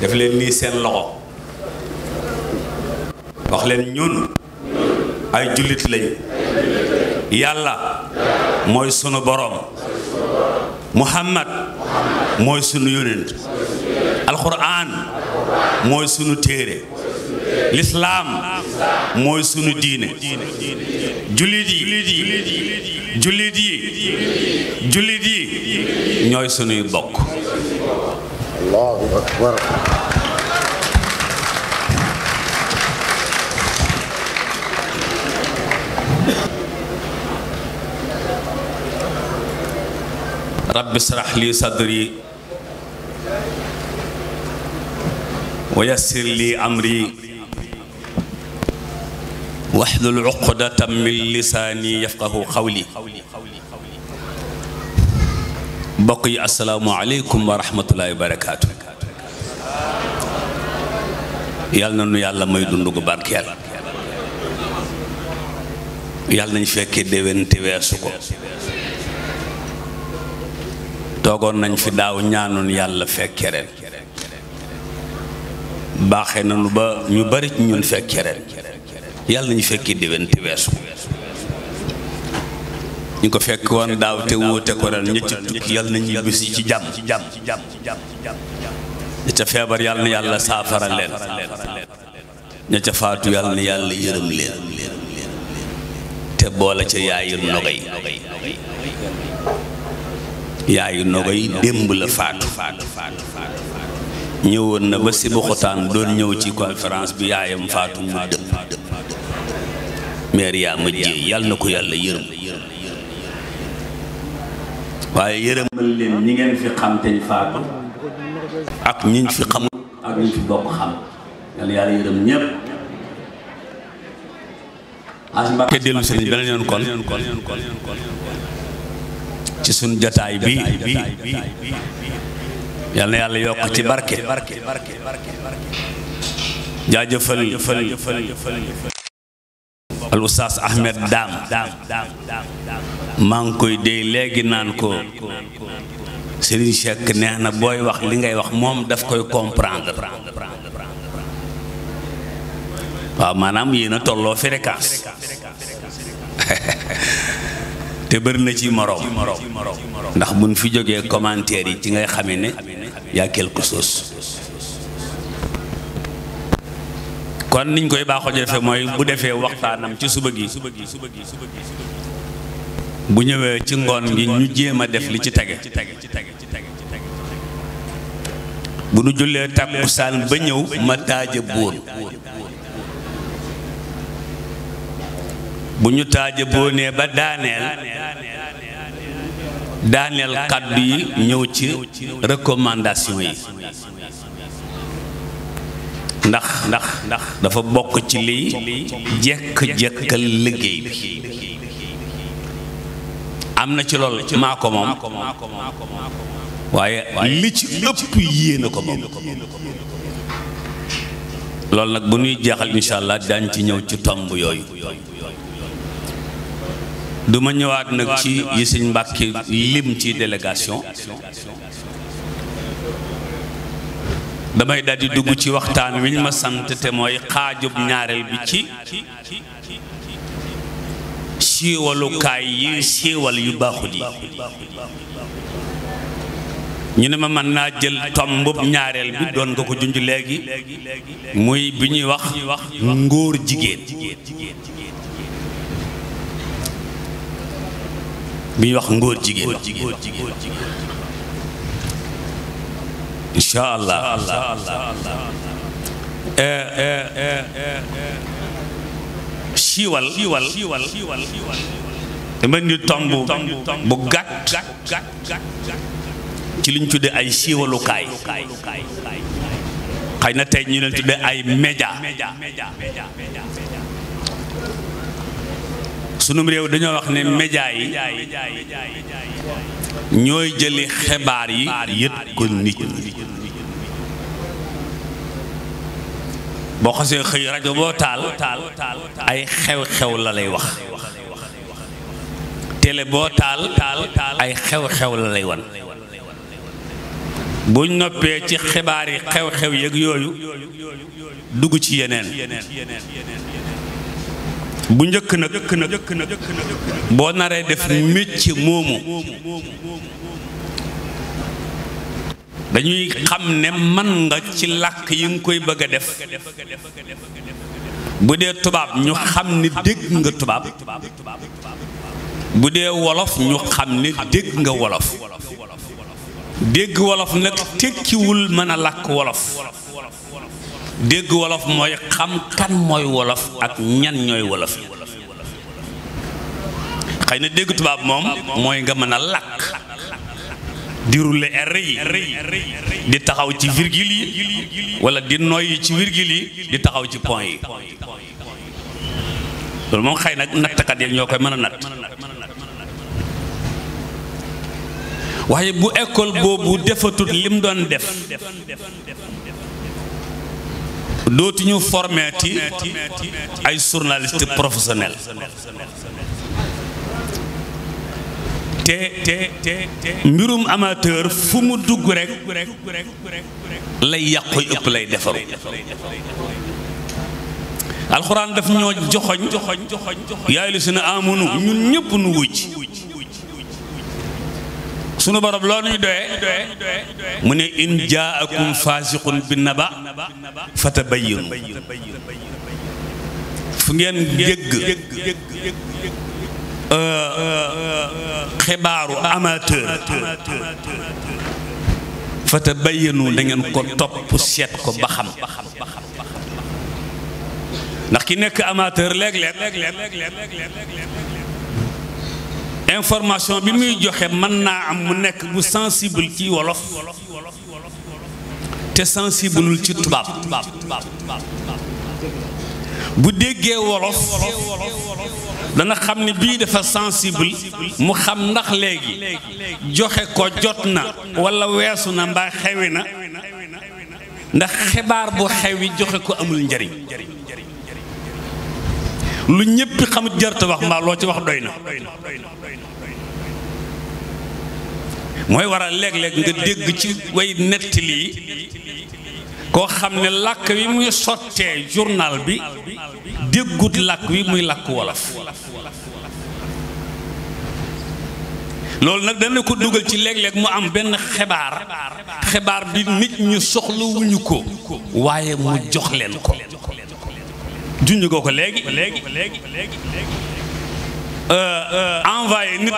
def leen nii seen loxo wax leen ñun ay jullit lañ yàlla mooy sunu boroom muhammad mooy sunu yonent alquran mooy sunu téere lislaam mooy sunu diine jullit jullit yi jullit yi ñooy sunuy bokk allahu akbar rabbi sarax li sadri wa yassir li amri waxlul uqdatam min lisaani yafqahu qawli mbokk yi asalaamualeykum wa rahmatullahi wa barakaatu yàlla na nu yàlla may dund gu barkeel yàlla nañ fekkee déwén te weesu ko toogoon nañ fi daaw ñaanoon yàlla fekke ren na nanu ba ñu bari ñun fekk ren yàlla na nañ fekkee déwén te weesu ko ñu ko fekk woon daaw te wóote ko ren ñetti tukki yàlla na ñibbisi ci jàmm ña ca feebar yàlla na yàlla saafara leen ca faatu yàlla na yàlla yërëm leen te boole ca yaayu nogay yaayu nogay démb la faatu ñëwoon na ba si buxutaan doon ñëw ci conférence bi yaayam faatu mu dëpp maire yaa ma yàlla ko yàlla yërëm waaye yërëmal leen ñi ngeen fi xam teñ faatu ak ñiñ fi xamul ak ñiñ fi bokk xam yàlla yàlla yërëm ñépp te dellu si ni beneen yoon kon ci suñ jotaay bi yal na yàlla yokk ci barke jaajëfal al sas Ahmed Dam maa ngi koy déy léegi naan ko Serigne Cheikh neex na booy wax li ngay wax moom daf koy comprendre waaw maanaam yéen a tolloo fréquence te bëri na ci moroom ndax buñ fi jóge commentaire yi ci ngay xamee ni yaa quelque sos kon niñ koy baaxoo ñu defee mooy bu defee waxtaanam ci suba gi bu ñëwee ci ngoon gi ñu jéem a def li ci tege bu nu jullee tàkkusaan ba ñëw ma taaja boon bu ñu taaja boonee ba daaneel daaneel kàddu bi ñëw ci recommandation yi ndax ndax ndax dafa bokk ci liy jekk-jekkal liggéey bi am na ci lool maa ko moom waaye li ci ëpp yéena ko moom loolu nag bu ñuy jeexal incha allah daañ ci ñëw ci tomb yooyu duma ñëwaat nag ci yi sëñ Mbàkke lim ci délégation damay daal di dugg ci waxtaan wiñ ma sant te mooy xaajub ñaareel bi ci siiwalukaay yi siiwal yu baaxul yi ñu ne ma mën naa jël tombub ñaareel bi doon nga ko junj léegi muy bi ñuy wax ngóor jigéen bi ñuy wax ngóor jigéen incha allah siiwal dama ni tomb bu gàtt ci liñ tudde ay siiwalukaay xëy na tey ñu leen tudde ay média sunum réew dañoo wax ne média yi ñooy jëli xibaar yi yët ko nit ñi boo xasee xëy rajo boo taal ay xew-xew la lay wax télé boo taal ay xew-xew la lay wan buñ noppee ci xebaar yi xew-xew yeeg yooyu dugg ci yeneen bu njëkk na boo naree def mécc moomu dañuy xam ne man nga ci làkk yi nga koy bëgg a def bu dee tubaab ñu xam ne dégg nga tubaab bu dee wolof ñu xam ne dégg nga wolof dégg wolof nag tekkiwul mën a làkk wolof dégg wolof mooy xam kan mooy wolof ak ñan ñooy wolof xëy na dégg tubaab moom mooy nga mën a làkk di rouler r yi di taxaw ci virgule yi wala di noyyi ci virgule yi di taxaw ci point yi loolu moom xëy na nattkat yi ñoo koy mën a natt waaye bu école boobu defatut lim doon def dootuñu formeeti ay journaliste professionnel te te mbirum amateur fu mu dugg rek lay yàqu ëpp lay defaru alxuraan daf ñoo joxoñ yaay lu si ne amunu ñun ñëpp nu wujj sunu borom loo nuy doye mu ne in jaakum faasiqun bi naba fatabayyanu fu ngeen jégg euh, euh, xibaaru amateur fatabayyanu da ngeen ko topp seet ko ba xam ndax ki nekk amateur léeg-léeg information bi muy joxe mën naa am mu nekk bu sensible ci wolof te sensible ci tubaab bu déggee wolof dana xam ne bii dafa sensible mu xam ndax léegi joxe ko jot na walla weesu na mbaa xewi na ndax xibaar bu xewi joxe ko amul njariñ lu ñëpp xamut jarta wax mbaa loo ci wax doy na mooy waral léeg-léeg nga dégg ci way netti lii koo xam ne làkk wi muy sottee journal bi déggut làkk wi muy làkk wolof loolu nag dana ko dugal ci léeg-léeg mu am benn xibaar xibaar bi nit ñu soxlawuñu ko waaye mu jox leen ko junj ko ko léegi léegi léegi léegi envoyé nit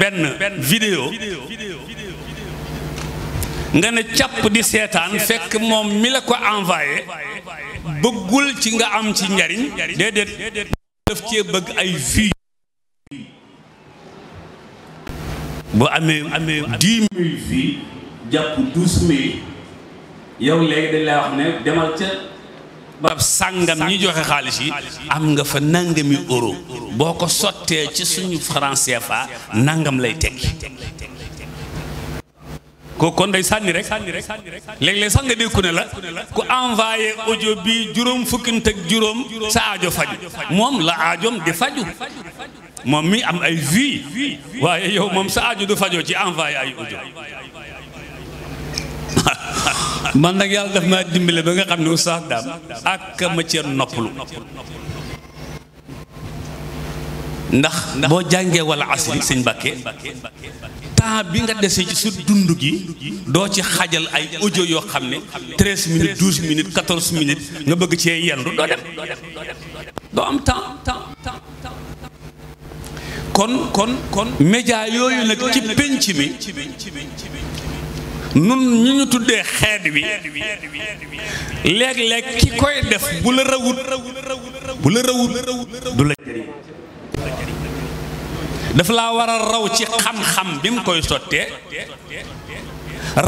benn benn vidéo nga ne càpp di seetaan fekk moom mi la ko envoyé bëggul ci nga am ci njariñ déedéet daf cee bëgg ay vues bu amee barab sàngam ñi joxe xaalis yi am nga fa nangami euro boo ko sottee ci suñu franc fa nangam lay tekki ko kon day sànni rek léeg-léeg sax nga ku ne la ku envoyé audio bi juróom fukkint ak juróom sa aajo faju moom la ajoom di faju moom mi am ay vie waaye yow moom sa ajo du fajoo ci envoyé ay audio man nag yàlla daf maa dimbale ba nga xam ne oustaz daam ak ma cee noppalu ndax boo jàngee wala asri sëñ Mbàkke temps bi nga desee ci su dund gi doo ci xajal ay audio yoo xam ne treize minutes douze minutes quatorze minutes nga bëgg cee yendu doo dem doo am temps kon kon kon média yooyu nag ci pénc mi nun ñu ñu tuddee xeet bi léeg-léeg ki koy def bu la rawut bu la rawut du la jëriñ dafa laa war raw ci xam-xam bi mu koy sottee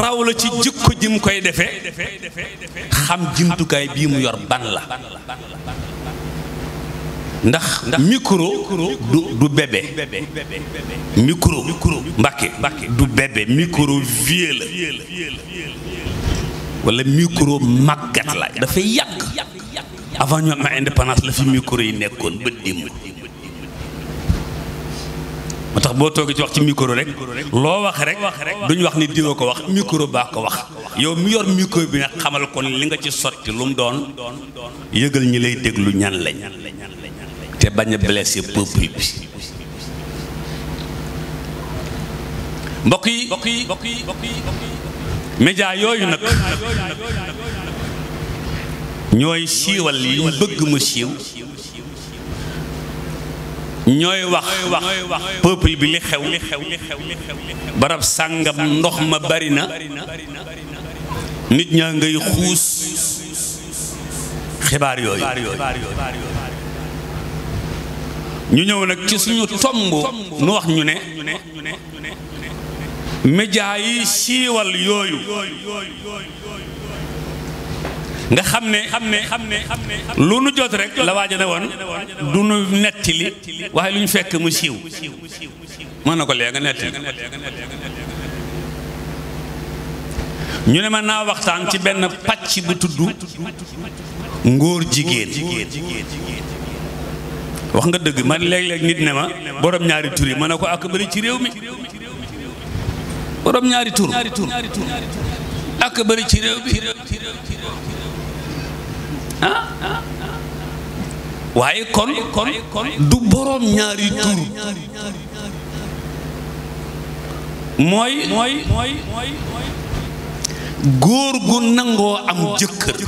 raw la ci jikko ji mu koy defee xam jumtukaay bii mu yor ban la ndax micro du du bébé micro mbàkke du bébé micro vieux la wala micro màggat la dafay yàgg avant ñu am indépendance la fi micro yi nekkoon ba dimb moo tax boo toogee ci wax ci micro rek loo wax rek duñ wax ni diwa ko wax micro baa ko wax yow mi yor micro bi nag xamal kon li nga ci sotti lu mu doon yëgal ñi lay déglu ñan lañ te bañ a blessé peuple bi mbokk yi yooyu nag ñooy siiwal li bëgg mu siiw ñooy wax wax peuple bi li xew barab sàngam ndox ma bari na nit ñaa ngay xuus xibaar yooyu ñu ñëw nag ci suñu tomb nu wax ñu ne média yi siiwal yooyu nga xam ne xam ne xam ne lu nu jot rek la waaja ne woon du nu netti li waaye lu ñu fekk mu siiw mën na ko léegi nga netti ñu ne ma naa waxtaan ci benn pàcc bu tudd ngóor jigéen wax nga dëgg man léeg-léeg nit ne ma borom ñaari tur yi ma ne ko ak bëri ci réew mi borom ñaari tur ak ci réew mi ah, ah, ah. waaye kon kon du borom ñaari tur mooy góor gu nangoo am jëkkër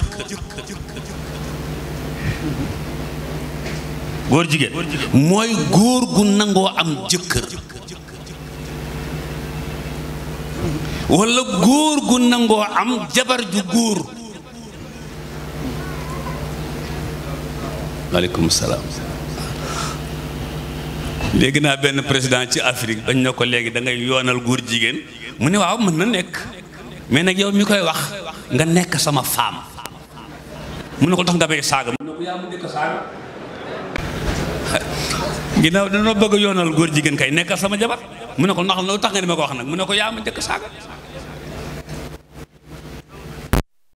góor jigéen mooy góor gu nangoo am jëkkër walla góor gu nangoo am jabar ju góor maaleykum salaam léegi naa benn président ci Afrique dañ ne ko léegi da yoonal góor jigéen mu ne waaw mën na nekk mais nag yow mi koy wax nga nekk sama femme mu ne ko tax nga may saaga mu ginnaaw dañoo bëgg yoonal góor jigéen kay nekkal sama jabar mu ne ko na lu tax nga di ma ko wax nag mu ne ko yaa ma njëkk saaga